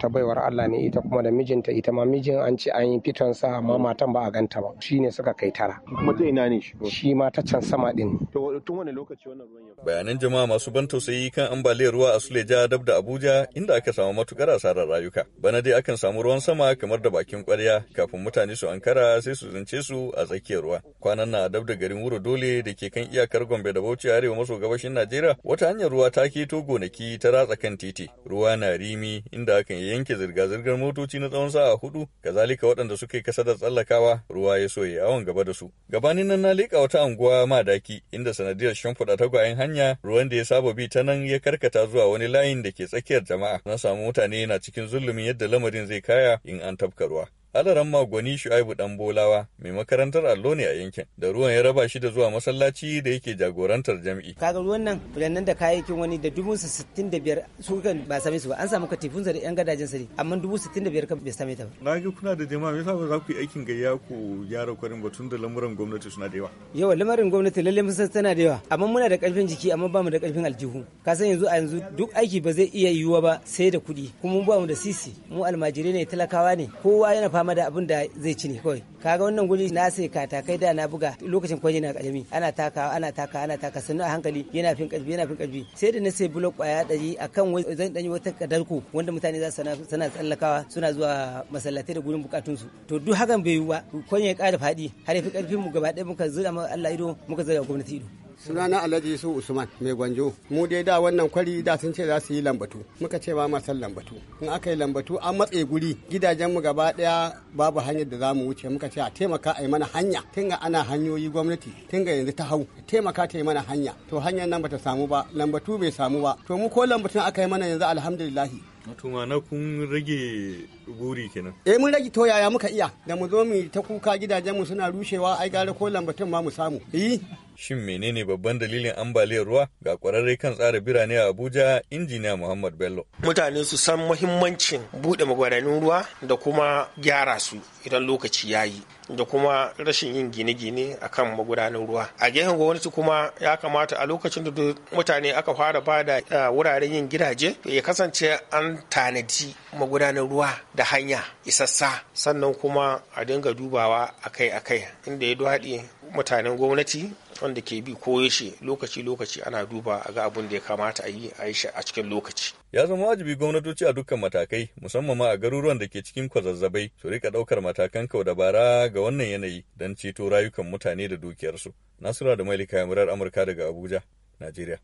ta baiwar Allah ne ita kuma da mijinta ita ma mijin an ce an yi fiton sa amma matan ba a ganta ba ne suka kai tara kuma ta ina ne shi ma ta can sama din to tun wani lokaci wannan ruwan ya bayanan jama'a masu ban tausayi kan ambaliyar ruwa a Suleja dab da Abuja inda aka samu matukar asarar rayuka bana dai akan samu ruwan sama kamar da bakin kwarya kafin mutane su ankara sai su zince su a tsakiyar ruwa kwanan na dab da garin Wuro Dole da ke kan iyakar Gombe da Bauchi arewa maso gabashin Najeriya wata hanyar ruwa ta keto gonaki ta ratsa kan titi ruwa na rimi inda akan yanke zirga-zirgar motoci na tsawon sa'a hudu, kazalika waɗanda suka kasa da tsallakawa ruwa ya soye awon gaba da su. Gabanin nan na leƙa wata anguwa madaki inda sanadiyar shimfiɗa tagwayen hanya ruwan da ya saba bi ta nan ya karkata zuwa wani layin da ke tsakiyar jama'a. Na samu mutane na cikin zulumin yadda lamarin zai kaya in an tafka ruwa. Alaran magwani Shu'aibu dan Bolawa mai makarantar allo ne a yankin da ruwan ya raba shi da zuwa masallaci da yake jagorantar jami'i. Kaga ruwan nan fulannan da kayayyakin wani da dubu sittin da biyar su kan ba same su ba an samu katifun sa da yan gadajen sa ne amma dubu sittin da biyar kan bai same ta ba. Na ga kuna da jama'a me yasa ba za ku yi aikin gayya ku gyara kwarin batun da lamuran gwamnati suna da yawa. Yawa lamarin gwamnati lalle mun san tana da yawa amma muna da karfin jiki amma bamu mu da karfin aljihu. Ka san yanzu a yanzu duk aiki ba zai iya yiwuwa ba sai da kuɗi kuma mu ba da sisi mu almajirai ne talakawa ne kowa yana fama dama da abin da zai ci ne kawai kaga wannan guri na sai katakai da na buga lokacin kwaje na karami ana takawa ana takawa ana taka sannu a hankali yana fin karfi yana fin karfi sai da na sai bulok kwaya ɗari akan wai zan danyi wata kadarku wanda mutane za su sana tsallakawa suna zuwa masallatai da gurin bukatun su to duk hakan bai yi ba kwanye ya ƙara faɗi har yafi karfin mu gaba ɗaya muka zura Allah ido muka zura gwamnati ido sunana alhaji yusuf usman mai gwanjo mu dai da wannan kwari da sun ce za su yi lambatu muka ce ba ma san lambatu in aka yi lambatu an matse guri gidajen mu gaba daya babu hanyar da za mu wuce muka ce a taimaka a yi mana hanya ga ana hanyoyi gwamnati ga yanzu ta hau taimaka ta yi mana hanya to hanyar nan bata samu ba lambatu bai samu ba to mu ko lambatun aka yi mana yanzu alhamdulillahi wato na kun rage buri kenan E mun rage to yaya muka iya da mu zo mu ta kuka gidajen mu suna rushewa ai gare ko lambatun ma mu samu eh shin menene babban dalilin ambaliyar ruwa ga kwararre kan tsara birane a Abuja injiniya Muhammad Bello mutane su san muhimmancin bude magudanan ruwa da kuma gyara su idan lokaci ya yi da kuma rashin yin gine-gine a kan magudanin ruwa a gefen gwamnati kuma ya kamata a lokacin da mutane aka fara bada eh, wuraren yin gidaje ya kasance an tanadi magudanin ruwa da hanya isassa sannan kuma a dinga dubawa akai-akai inda ya duhaɗe mutanen gwamnati wanda ke bi ko yaushe lokaci-lokaci ana duba a ga abin da ya kamata a yi a yi shi a cikin lokaci. Ya zama wajibi gwamnatoci a dukkan matakai musamman ma a garuruwan da ke cikin kwazazzabai su rika ɗaukar matakan kau dabara ga wannan yanayi don ceto rayukan mutane da dukiyarsu. Nasura da Mailika Yamurar Amurka daga Abuja, Najeriya.